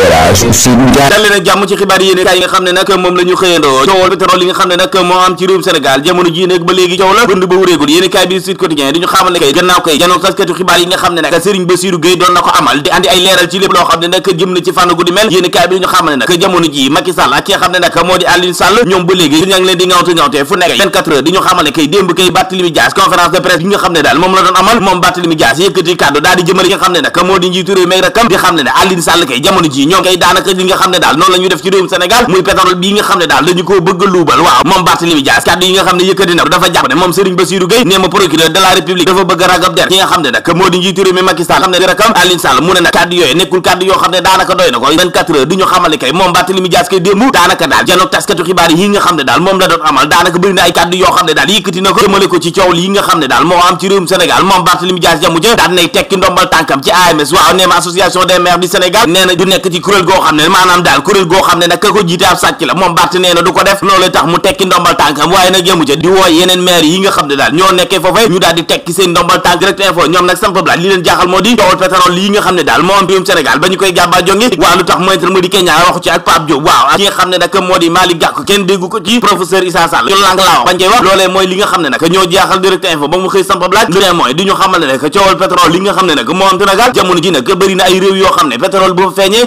forage dal leen jàmm ci xibaar yi nga xam ne nag moom la ñu xëyandoo coowal yi nga xam ne nag Serigne moom la doon amal moom Barthélémy Dias yëkkati kàddu daal di jëmale yi nga xam ne nag moo di njiitu réew mi ak di xam ne ne Aliou Sall kay jamono ji ñoo koy daanaka li nga xam ne daal noonu la def ci réew mu ne moom Barthélémy Dias kay démb daanaka tekki ndombal tànkam ci AMS waaw nee association des maires du Sénégal nee du nekk bokk ci kuréel goo xam ne maanaam daal kuréel goo xam ko jiite ab sàcc la moom Barth nee du ko def loolu tax mu tekki ndombal tànk direct info nag jaaxal moo di coowal pétrole lii nga xam ne daal moo di Malick jamono ji nag bëri na ay réew yoo xam ne pétrole bu feeñee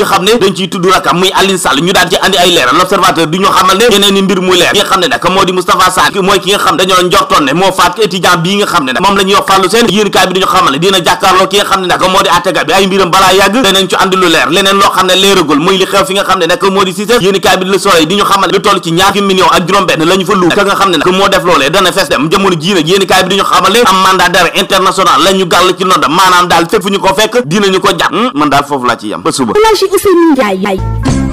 nga xam ne dañ ciy tudd rakam muy Alioune Sall ñu daan ci andi ay leeral l'observateur du ñu xamal ne yeneen ni mbir mu leer ki nga xam di ñu xamal lu toll ci ñaar fukki million ak juróom-benn la fa lu ka nga xam ne nag moo def loolee dana fees dem jamono jii nag bi di ñu xamal am mandat d'arrêt international la ñu ci nonda maanaam daal fépp fu ñu ko fekk dinañu ko jàpp hmm, man daal foofu laa ci yam Ousseynou Ndiaye